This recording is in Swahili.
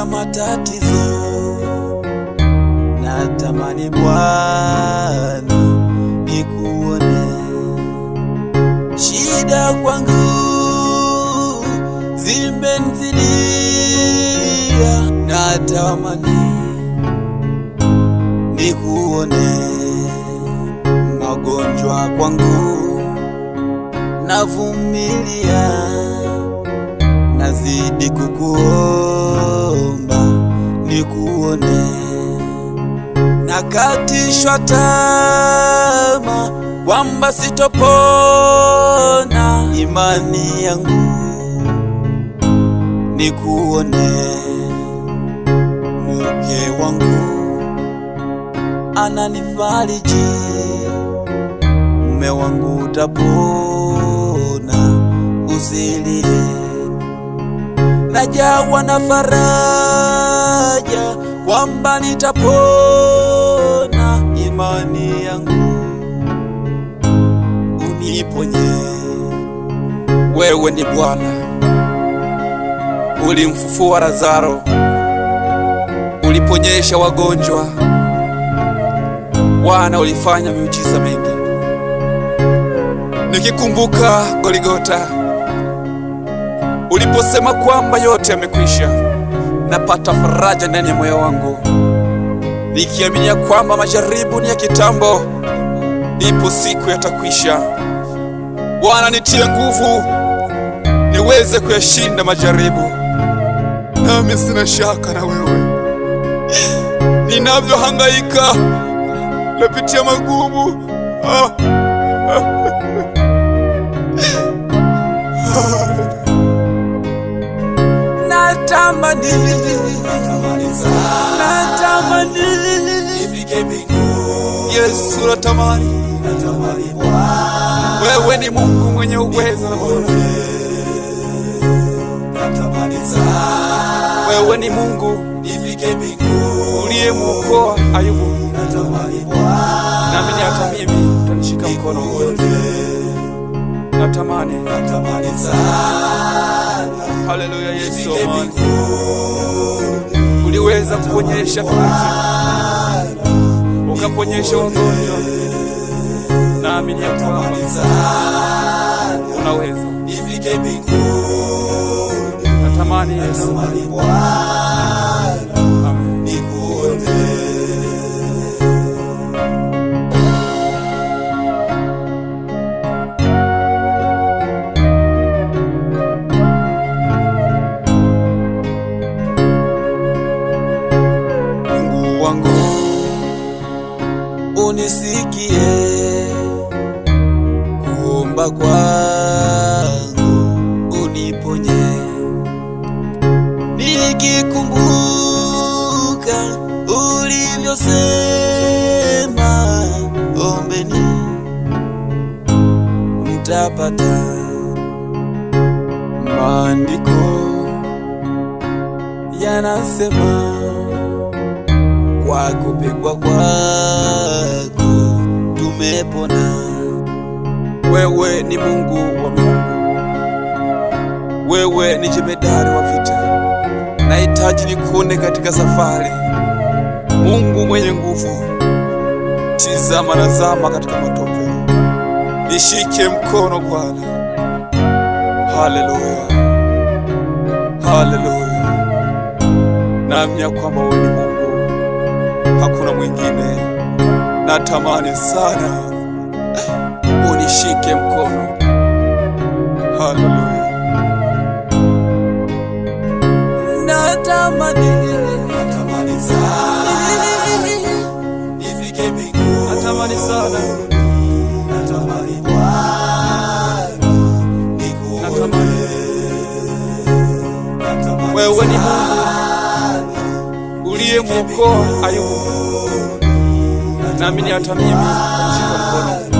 ya matatizo, natamani Bwana nikuone. Shida kwangu zimenizidia, natamani nikuone. Magonjwa kwangu navumilia nazidi kukuomba nikuone, nakatishwa tama kwamba sitopona imani yangu nikuone, mke wangu ananifariji, mume wangu utapona, usilie najawa na faraja kwamba nitapona. Imani yangu uniponye, wewe ni Bwana, ulimfufua Lazaro, uliponyesha wagonjwa, Bwana ulifanya miujiza mingi, nikikumbuka Goligota Uliposema kwamba yote yamekwisha, napata faraja ndani ya moyo wangu, nikiamini ya kwamba majaribu ni ya kitambo, ipo siku yatakwisha. Bwana, nitie nguvu niweze kuyashinda majaribu, nami sina shaka na wewe. Ninavyohangaika napitia magumu ah, ah. natamani, natamani nifike mbinguni. Yesu natamani, natamani Bwana, wewe ni Mungu mwenye uwezo, natamani sana wewe ni Mungu nifike mbinguni, uliyemwokoa Ayubu, natamani Bwana, nami ni hata mimi utanishika mkono, wote natamani, natamani sana Haleluya Yesu uliweza kuponyesha maji ukaponyesha ugonjwa, naamini ya kwamba unaweza. Natamani Yesu kuomba kwangu uniponye, nikikumbuka ulivyosema, ombeni mtapata. Maandiko yanasema kwa kupigwa kwako tumepona. Wewe ni Mungu wa Mungu, wewe ni jemedari wa vita. Nahitaji nikuone katika safari, Mungu mwenye nguvu. Tizama, nazama katika matope, nishike mkono Bwana. Haleluya, haleluya. Naamini kwamba wewe ni Mungu, hakuna mwingine. Natamani sana nishike mkono. Haleluya, natamani natamani sana nifike mbinguni, natamani sana natamani Bwana nikuone wewe ni Mungu uliyemwokoa Ayubu, naamini hata mimi nishike mkono